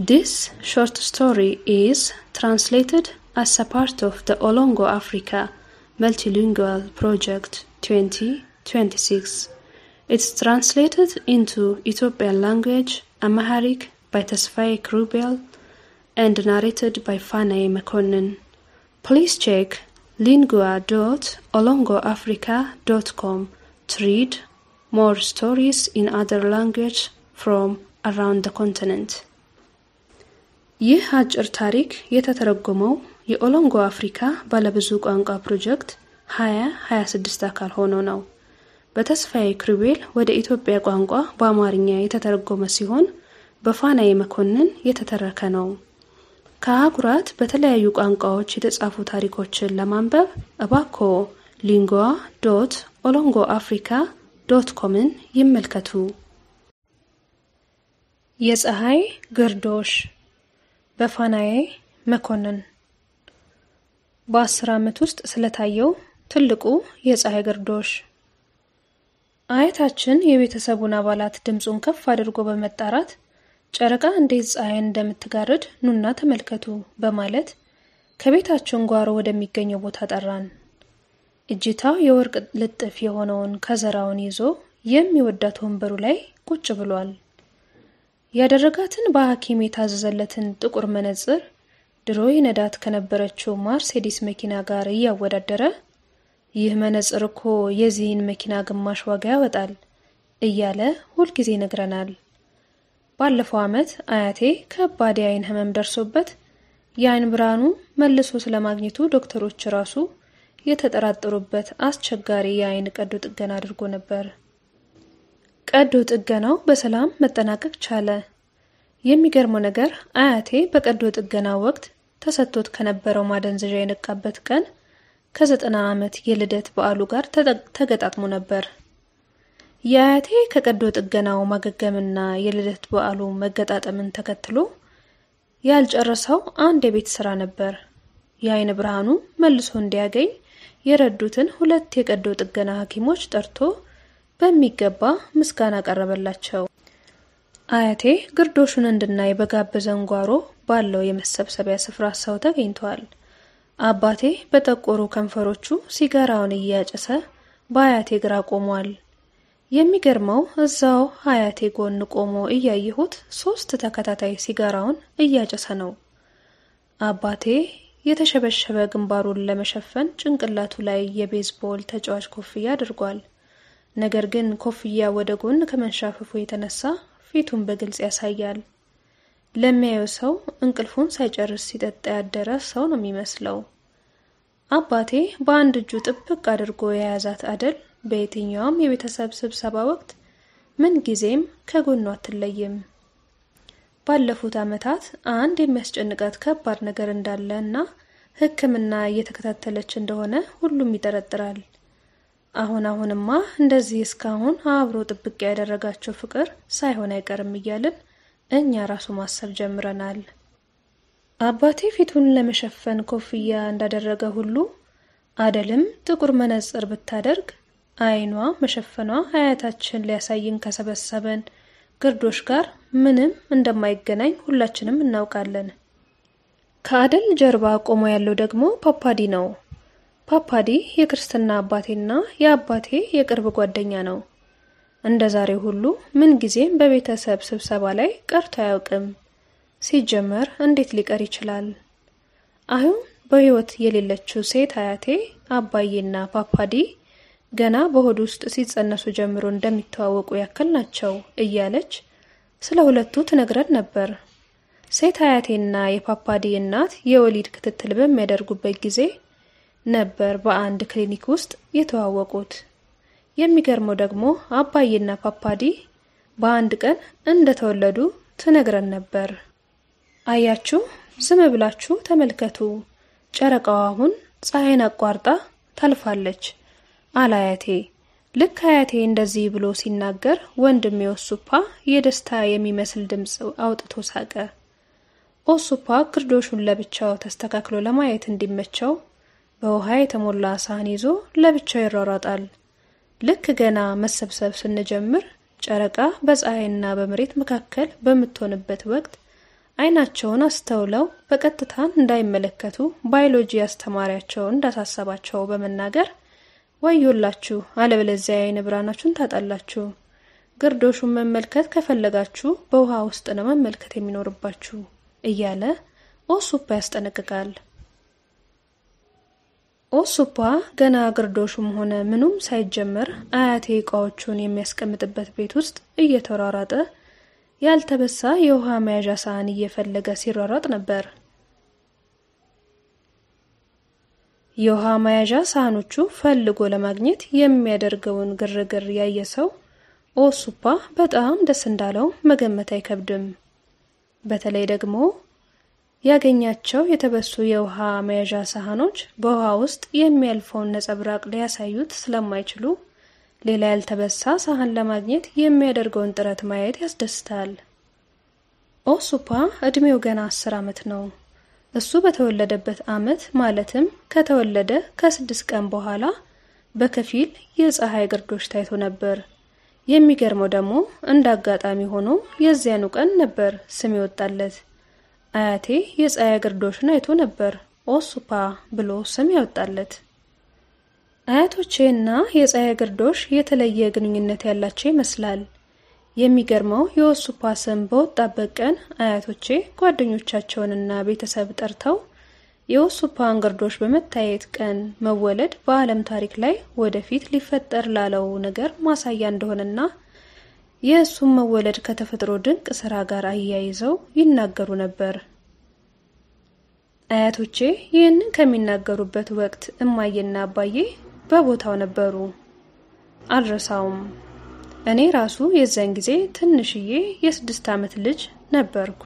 This short story is translated as a part of the Olongo Africa Multilingual Project 2026. It's translated into Ethiopian language, Amharic, by Tasfaye Krubel, and narrated by Fanae Mekonnen. Please check lingua.olongoafrica.com to read more stories in other languages from around the continent. ይህ አጭር ታሪክ የተተረጎመው የኦሎንጎ አፍሪካ ባለብዙ ቋንቋ ፕሮጀክት 2026 አካል ሆኖ ነው። በተስፋዬ ክሪቤል ወደ ኢትዮጵያ ቋንቋ በአማርኛ የተተረጎመ ሲሆን በፋናዬ መኮንን የተተረከ ነው። ከአህጉራት በተለያዩ ቋንቋዎች የተጻፉ ታሪኮችን ለማንበብ እባኮ ሊንጓ ዶት ኦሎንጎ አፍሪካ ዶት ኮምን ይመልከቱ። የፀሐይ ግርዶሽ በፋናዬ መኮንን በአስር ዓመት ውስጥ ስለታየው ትልቁ የፀሐይ ግርዶሽ። አያታችን የቤተሰቡን አባላት ድምፁን ከፍ አድርጎ በመጣራት ጨረቃ እንዴት ፀሐይን እንደምትጋርድ ኑና ተመልከቱ በማለት ከቤታችን ጓሮ ወደሚገኘው ቦታ ጠራን። እጅታው የወርቅ ልጥፍ የሆነውን ከዘራውን ይዞ የሚወዳት ወንበሩ ላይ ቁጭ ብሏል። ያደረጋትን በሐኪም የታዘዘለትን ጥቁር መነጽር ድሮ ነዳት ከነበረችው ማርሴዲስ መኪና ጋር እያወዳደረ ይህ መነጽር እኮ የዚህን መኪና ግማሽ ዋጋ ያወጣል እያለ ሁልጊዜ ይነግረናል። ባለፈው ዓመት አያቴ ከባድ የአይን ህመም ደርሶበት የአይን ብርሃኑ መልሶ ስለማግኘቱ ዶክተሮች ራሱ የተጠራጠሩበት አስቸጋሪ የአይን ቀዶ ጥገና አድርጎ ነበር። ቀዶ ጥገናው በሰላም መጠናቀቅ ቻለ። የሚገርመው ነገር አያቴ በቀዶ ጥገና ወቅት ተሰጥቶት ከነበረው ማደንዘዣ የነቃበት ቀን ከዘጠና ዓመት የልደት በዓሉ ጋር ተገጣጥሞ ነበር። የአያቴ ከቀዶ ጥገናው ማገገምና የልደት በዓሉ መገጣጠምን ተከትሎ ያልጨረሰው አንድ የቤት ስራ ነበር። የአይን ብርሃኑ መልሶ እንዲያገኝ የረዱትን ሁለት የቀዶ ጥገና ሐኪሞች ጠርቶ በሚገባ ምስጋና ቀረበላቸው። አያቴ ግርዶሹን እንድናይ በጋበዘን ጓሮ ባለው የመሰብሰቢያ ስፍራ ሰው ተገኝተዋል። አባቴ በጠቆሩ ከንፈሮቹ ሲጋራውን እያጨሰ በአያቴ ግራ ቆሟል። የሚገርመው እዛው አያቴ ጎን ቆሞ እያየሁት ሶስት ተከታታይ ሲጋራውን እያጨሰ ነው። አባቴ የተሸበሸበ ግንባሩን ለመሸፈን ጭንቅላቱ ላይ የቤዝቦል ተጫዋች ኮፍያ አድርጓል። ነገር ግን ኮፍያ ወደ ጎን ከመንሻፈፉ የተነሳ ፊቱን በግልጽ ያሳያል። ለሚያየው ሰው እንቅልፉን ሳይጨርስ ሲጠጣ ያደረ ሰው ነው የሚመስለው። አባቴ በአንድ እጁ ጥብቅ አድርጎ የያዛት አደል በየትኛውም የቤተሰብ ስብሰባ ወቅት ምንጊዜም ከጎኗ አትለይም። ባለፉት ዓመታት አንድ የሚያስጨንቃት ከባድ ነገር እንዳለ እና ሕክምና እየተከታተለች እንደሆነ ሁሉም ይጠረጥራል። አሁን አሁንማ እንደዚህ እስካሁን አብሮ ጥብቅ ያደረጋቸው ፍቅር ሳይሆን አይቀርም እያልን እኛ ራሱ ማሰብ ጀምረናል። አባቴ ፊቱን ለመሸፈን ኮፍያ እንዳደረገ ሁሉ አደልም ጥቁር መነጽር ብታደርግ አይኗ መሸፈኗ አያታችን ሊያሳይን ከሰበሰበን ግርዶሽ ጋር ምንም እንደማይገናኝ ሁላችንም እናውቃለን። ከአደል ጀርባ ቆሞ ያለው ደግሞ ፓፓዲ ነው። ፓፓዲ የክርስትና አባቴና የአባቴ የቅርብ ጓደኛ ነው። እንደ ዛሬ ሁሉ ምንጊዜም በቤተሰብ ስብሰባ ላይ ቀርቶ አያውቅም። ሲጀመር እንዴት ሊቀር ይችላል? አሁን በሕይወት የሌለችው ሴት አያቴ አባዬና ፓፓዲ ገና በሆድ ውስጥ ሲጸነሱ ጀምሮ እንደሚተዋወቁ ያክል ናቸው እያለች ስለ ሁለቱ ትነግረን ነበር። ሴት አያቴና የፓፓዲ እናት የወሊድ ክትትል በሚያደርጉበት ጊዜ ነበር በአንድ ክሊኒክ ውስጥ የተዋወቁት። የሚገርመው ደግሞ አባዬና ፓፓዲ በአንድ ቀን እንደተወለዱ ትነግረን ነበር። አያችሁ፣ ዝም ብላችሁ ተመልከቱ። ጨረቃዋ አሁን ፀሐይን አቋርጣ ታልፋለች አላያቴ ልክ አያቴ እንደዚህ ብሎ ሲናገር ወንድሜ ኦሱፓ የደስታ የሚመስል ድምፅ አውጥቶ ሳቀ። ኦሱፓ ግርዶሹን ለብቻው ተስተካክሎ ለማየት እንዲመቸው በውሃ የተሞላ ሳህን ይዞ ለብቻው ይሯሯጣል። ልክ ገና መሰብሰብ ስንጀምር ጨረቃ በፀሐይና በመሬት መካከል በምትሆንበት ወቅት አይናቸውን አስተውለው በቀጥታ እንዳይመለከቱ ባዮሎጂ አስተማሪያቸውን እንዳሳሰባቸው በመናገር ወዮላችሁ፣ አለበለዚያ የአይን ብርሃናችሁን ታጣላችሁ። ግርዶሹን መመልከት ከፈለጋችሁ በውሃ ውስጥ ነው መመልከት የሚኖርባችሁ እያለ ኦሱፓ ያስጠነቅቃል። ኦሱፓ ገና ግርዶሹም ሆነ ምኑም ሳይጀመር አያቴ እቃዎቹን የሚያስቀምጥበት ቤት ውስጥ እየተሯሯጠ ያልተበሳ የውሃ መያዣ ሳህን እየፈለገ ሲሯሯጥ ነበር። የውሃ መያዣ ሳህኖቹ ፈልጎ ለማግኘት የሚያደርገውን ግርግር ያየ ሰው ኦሱፓ በጣም ደስ እንዳለው መገመት አይከብድም። በተለይ ደግሞ ያገኛቸው የተበሱ የውሃ መያዣ ሳህኖች በውሃ ውስጥ የሚያልፈውን ነጸብራቅ ሊያሳዩት ስለማይችሉ ሌላ ያልተበሳ ሳህን ለማግኘት የሚያደርገውን ጥረት ማየት ያስደስታል። ኦሱፓ እድሜው ገና አስር ዓመት ነው። እሱ በተወለደበት ዓመት ማለትም ከተወለደ ከስድስት ቀን በኋላ በከፊል የፀሐይ ግርዶች ታይቶ ነበር። የሚገርመው ደግሞ እንደ አጋጣሚ ሆኖ የዚያኑ ቀን ነበር ስም ይወጣለት። አያቴ የፀሐይ ግርዶሽን አይቶ ነበር ኦሱፓ ብሎ ስም ያወጣለት። አያቶቼ እና የፀሐይ ግርዶሽ የተለየ ግንኙነት ያላቸው ይመስላል። የሚገርመው የኦሱፓ ስም በወጣበት ቀን አያቶቼ ጓደኞቻቸውንና ቤተሰብ ጠርተው የኦሱፓ ግርዶሽ በመታየት ቀን መወለድ በዓለም ታሪክ ላይ ወደፊት ሊፈጠር ላለው ነገር ማሳያ እንደሆነና የእሱም መወለድ ከተፈጥሮ ድንቅ ስራ ጋር አያይዘው ይናገሩ ነበር። አያቶቼ ይህንን ከሚናገሩበት ወቅት እማዬና አባዬ በቦታው ነበሩ። አልረሳውም። እኔ ራሱ የዛን ጊዜ ትንሽዬ የስድስት ዓመት ልጅ ነበርኩ።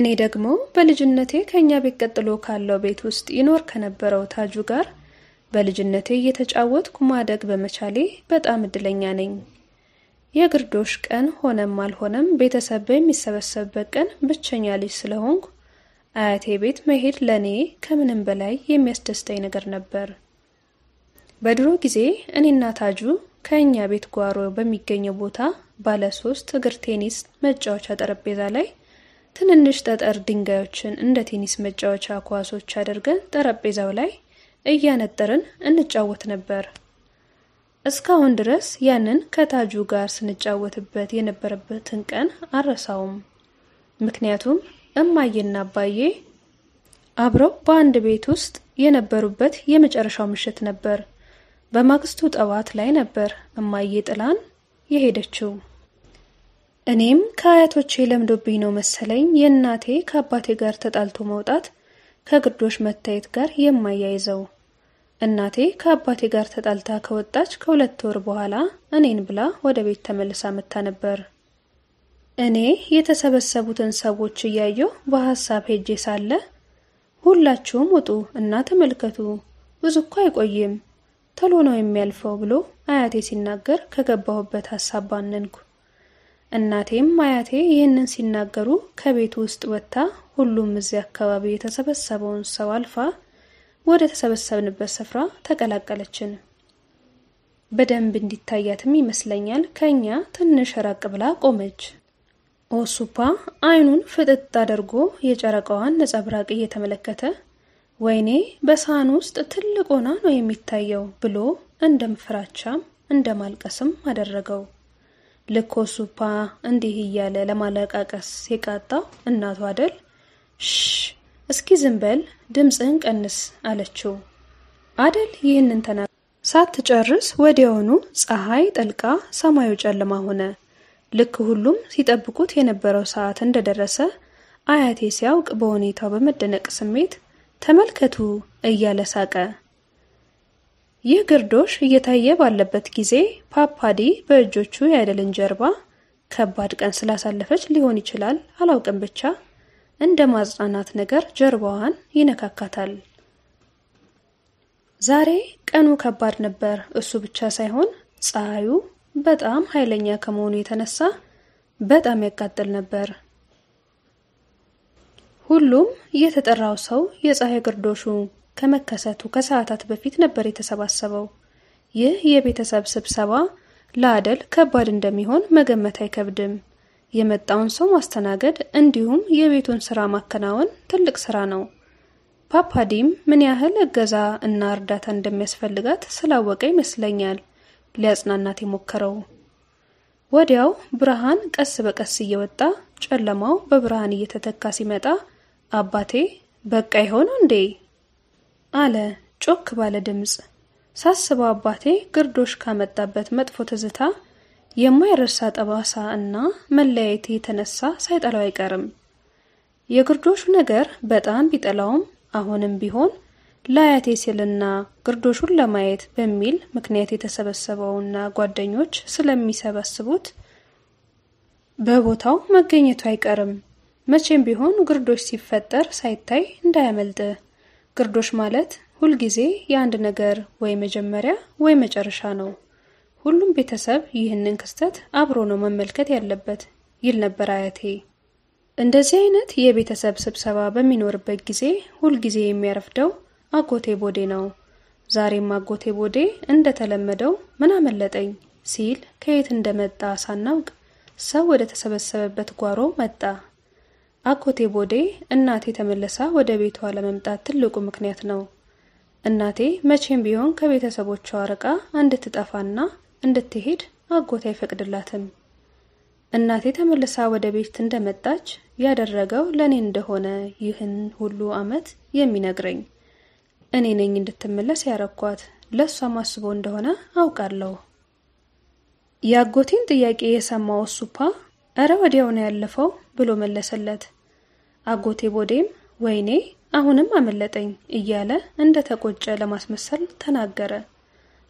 እኔ ደግሞ በልጅነቴ ከእኛ ቤት ቀጥሎ ካለው ቤት ውስጥ ይኖር ከነበረው ታጁ ጋር በልጅነቴ እየተጫወትኩ ማደግ በመቻሌ በጣም እድለኛ ነኝ። የግርዶሽ ቀን ሆነም አልሆነም ቤተሰብ በሚሰበሰብበት ቀን ብቸኛ ልጅ ስለሆንኩ አያቴ ቤት መሄድ ለእኔ ከምንም በላይ የሚያስደስተኝ ነገር ነበር። በድሮ ጊዜ እኔና ታጁ ከእኛ ቤት ጓሮ በሚገኘው ቦታ ባለ ሶስት እግር ቴኒስ መጫወቻ ጠረጴዛ ላይ ትንንሽ ጠጠር ድንጋዮችን እንደ ቴኒስ መጫወቻ ኳሶች አድርገን ጠረጴዛው ላይ እያነጠርን እንጫወት ነበር። እስካሁን ድረስ ያንን ከታጁ ጋር ስንጫወትበት የነበረበትን ቀን አረሳውም። ምክንያቱም እማዬና አባዬ አብረው በአንድ ቤት ውስጥ የነበሩበት የመጨረሻው ምሽት ነበር። በማግስቱ ጠዋት ላይ ነበር እማዬ ጥላን የሄደችው። እኔም ከአያቶቼ ለምዶብኝ ነው መሰለኝ የእናቴ ከአባቴ ጋር ተጣልቶ መውጣት ከግርዶሽ መታየት ጋር የማያይዘው እናቴ ከአባቴ ጋር ተጣልታ ከወጣች ከሁለት ወር በኋላ እኔን ብላ ወደ ቤት ተመልሳ መታ ነበር። እኔ የተሰበሰቡትን ሰዎች እያየሁ በሀሳብ ሄጄ ሳለ ሁላችሁም ውጡ እና ተመልከቱ፣ ብዙ እኮ አይቆይም፣ ቶሎ ነው የሚያልፈው ብሎ አያቴ ሲናገር ከገባሁበት ሀሳብ ባነንኩ። እናቴም አያቴ ይህንን ሲናገሩ ከቤት ውስጥ ወጥታ ሁሉም እዚያ አካባቢ የተሰበሰበውን ሰው አልፋ ወደ ተሰበሰብንበት ስፍራ ተቀላቀለችን። በደንብ እንዲታያትም ይመስለኛል ከኛ ትንሽ ራቅ ብላ ቆመች። ኦሱፓ አይኑን ፍጥጥ አድርጎ የጨረቃዋን ነጸብራቅ እየተመለከተ ወይኔ በሳህን ውስጥ ትልቅ ሆና ነው የሚታየው ብሎ እንደምፍራቻም እንደማልቀስም አደረገው። ልክ ኦሱፓ እንዲህ እያለ ለማለቃቀስ የቃጣው እናቷ አደል ሽ እስኪ ዝምበል ድምፅን ድምፅህን ቀንስ አለችው። አደል ይህንን ተና ሳትጨርስ ወዲያውኑ ፀሐይ ጠልቃ ሰማዩ ጨለማ ሆነ። ልክ ሁሉም ሲጠብቁት የነበረው ሰዓት እንደደረሰ አያቴ ሲያውቅ በሁኔታው በመደነቅ ስሜት ተመልከቱ እያለ ሳቀ። ይህ ግርዶሽ እየታየ ባለበት ጊዜ ፓፓዲ በእጆቹ የአይደልን ጀርባ ከባድ ቀን ስላሳለፈች ሊሆን ይችላል አላውቅም ብቻ እንደ ማጽናናት ነገር ጀርባዋን ይነካካታል። ዛሬ ቀኑ ከባድ ነበር። እሱ ብቻ ሳይሆን ፀሐዩ በጣም ኃይለኛ ከመሆኑ የተነሳ በጣም ያቃጥል ነበር። ሁሉም የተጠራው ሰው የፀሐይ ግርዶሹ ከመከሰቱ ከሰዓታት በፊት ነበር የተሰባሰበው። ይህ የቤተሰብ ስብሰባ ለአደል ከባድ እንደሚሆን መገመት አይከብድም። የመጣውን ሰው ማስተናገድ እንዲሁም የቤቱን ስራ ማከናወን ትልቅ ስራ ነው። ፓፓዲም ምን ያህል እገዛ እና እርዳታ እንደሚያስፈልጋት ስላወቀ ይመስለኛል ሊያጽናናት የሞከረው። ወዲያው ብርሃን ቀስ በቀስ እየወጣ ጨለማው በብርሃን እየተተካ ሲመጣ አባቴ በቃ ይሆን እንዴ አለ ጮክ ባለ ድምፅ። ሳስበው አባቴ ግርዶሽ ካመጣበት መጥፎ ትዝታ የማይረሳ ጠባሳ እና መለያየት የተነሳ ሳይጠላው አይቀርም። የግርዶሹ ነገር በጣም ቢጠላውም አሁንም ቢሆን ለአያቴ ሲልና ግርዶሹን ለማየት በሚል ምክንያት የተሰበሰበውና ጓደኞች ስለሚሰበስቡት በቦታው መገኘቱ አይቀርም። መቼም ቢሆን ግርዶሽ ሲፈጠር ሳይታይ እንዳያመልጥ። ግርዶሽ ማለት ሁልጊዜ የአንድ ነገር ወይ መጀመሪያ ወይ መጨረሻ ነው። ሁሉም ቤተሰብ ይህንን ክስተት አብሮ ነው መመልከት ያለበት ይል ነበር አያቴ። እንደዚህ አይነት የቤተሰብ ስብሰባ በሚኖርበት ጊዜ ሁልጊዜ የሚያረፍደው አጎቴ ቦዴ ነው። ዛሬም አጎቴ ቦዴ እንደተለመደው ምን አመለጠኝ ሲል ከየት እንደመጣ ሳናውቅ ሰው ወደ ተሰበሰበበት ጓሮ መጣ። አጎቴ ቦዴ እናቴ ተመለሳ ወደ ቤቷ ለመምጣት ትልቁ ምክንያት ነው። እናቴ መቼም ቢሆን ከቤተሰቦቿ ርቃ እንድትጠፋና እንድትሄድ አጎቴ አይፈቅድላትም። እናቴ ተመልሳ ወደ ቤት እንደመጣች ያደረገው ለእኔ እንደሆነ ይህን ሁሉ ዓመት የሚነግረኝ እኔ ነኝ እንድትመለስ ያረኳት ለእሷ አስቦ እንደሆነ አውቃለሁ። የአጎቴን ጥያቄ የሰማው ሱፓ እረ ወዲያው ነው ያለፈው ብሎ መለሰለት። አጎቴ ቦዴም ወይኔ አሁንም አመለጠኝ እያለ እንደተቆጨ ለማስመሰል ተናገረ።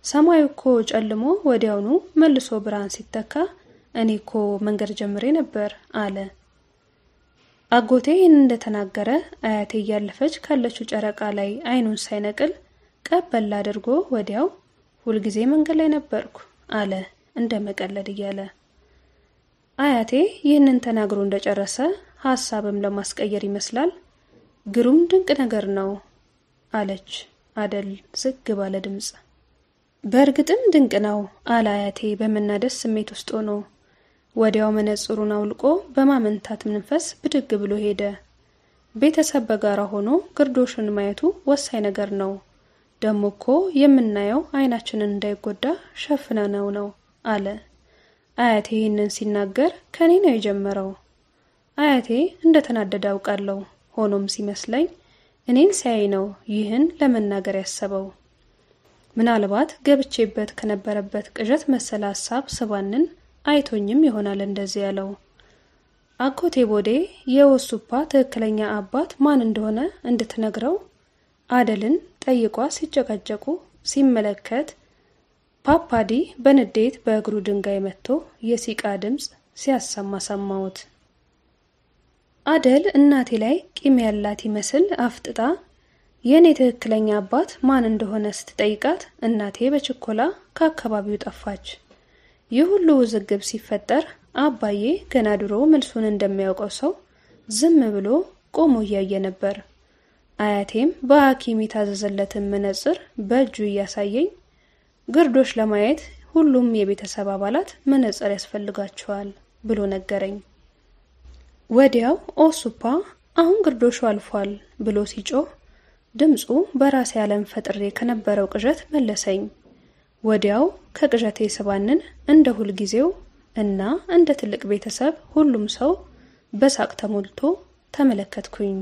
ሰማዩ እኮ ጨልሞ ወዲያውኑ መልሶ ብርሃን ሲተካ እኔ እኮ መንገድ ጀምሬ ነበር አለ። አጎቴ ይህን እንደተናገረ አያቴ እያለፈች ካለችው ጨረቃ ላይ አይኑን ሳይነቅል ቀበል አድርጎ ወዲያው ሁልጊዜ መንገድ ላይ ነበርኩ አለ እንደ መቀለድ እያለ። አያቴ ይህንን ተናግሮ እንደጨረሰ ሀሳብም ለማስቀየር ይመስላል ግሩም ድንቅ ነገር ነው አለች አደል ዝግ ባለ ድምፅ። በእርግጥም ድንቅ ነው አለ አያቴ በመናደስ ስሜት ውስጥ ሆኖ። ወዲያው መነጽሩን አውልቆ በማመንታት መንፈስ ብድግ ብሎ ሄደ። ቤተሰብ በጋራ ሆኖ ግርዶሽን ማየቱ ወሳኝ ነገር ነው። ደሞ እኮ የምናየው አይናችንን እንዳይጎዳ ሸፍነነው ነው አለ አያቴ። ይህንን ሲናገር ከኔ ነው የጀመረው። አያቴ እንደተናደደ አውቃለሁ። ሆኖም ሲመስለኝ እኔን ሲያይ ነው ይህን ለመናገር ያሰበው። ምናልባት ገብቼበት ከነበረበት ቅዠት መሰል ሀሳብ ስባንን አይቶኝም ይሆናል እንደዚህ ያለው። አኮቴ ቦዴ የወሱፓ ትክክለኛ አባት ማን እንደሆነ እንድትነግረው አደልን ጠይቋ ሲጨቃጨቁ ሲመለከት ፓፓዲ በንዴት በእግሩ ድንጋይ መጥቶ የሲቃ ድምፅ ሲያሰማ ሰማሁት። አደል እናቴ ላይ ቂም ያላት ይመስል አፍጥጣ የእኔ ትክክለኛ አባት ማን እንደሆነ ስትጠይቃት እናቴ በችኮላ ከአካባቢው ጠፋች። ይህ ሁሉ ውዝግብ ሲፈጠር አባዬ ገና ድሮ መልሱን እንደሚያውቀው ሰው ዝም ብሎ ቆሞ እያየ ነበር። አያቴም በሐኪም የታዘዘለትን መነጽር በእጁ እያሳየኝ ግርዶሽ ለማየት ሁሉም የቤተሰብ አባላት መነጽር ያስፈልጋቸዋል ብሎ ነገረኝ። ወዲያው ኦሱፓ አሁን ግርዶሹ አልፏል ብሎ ሲጮህ ድምፁ በራሴ ዓለም ፈጥሬ ከነበረው ቅዠት መለሰኝ። ወዲያው ከቅዠቴ ስባንን እንደ ሁልጊዜው እና እንደ ትልቅ ቤተሰብ ሁሉም ሰው በሳቅ ተሞልቶ ተመለከትኩኝ።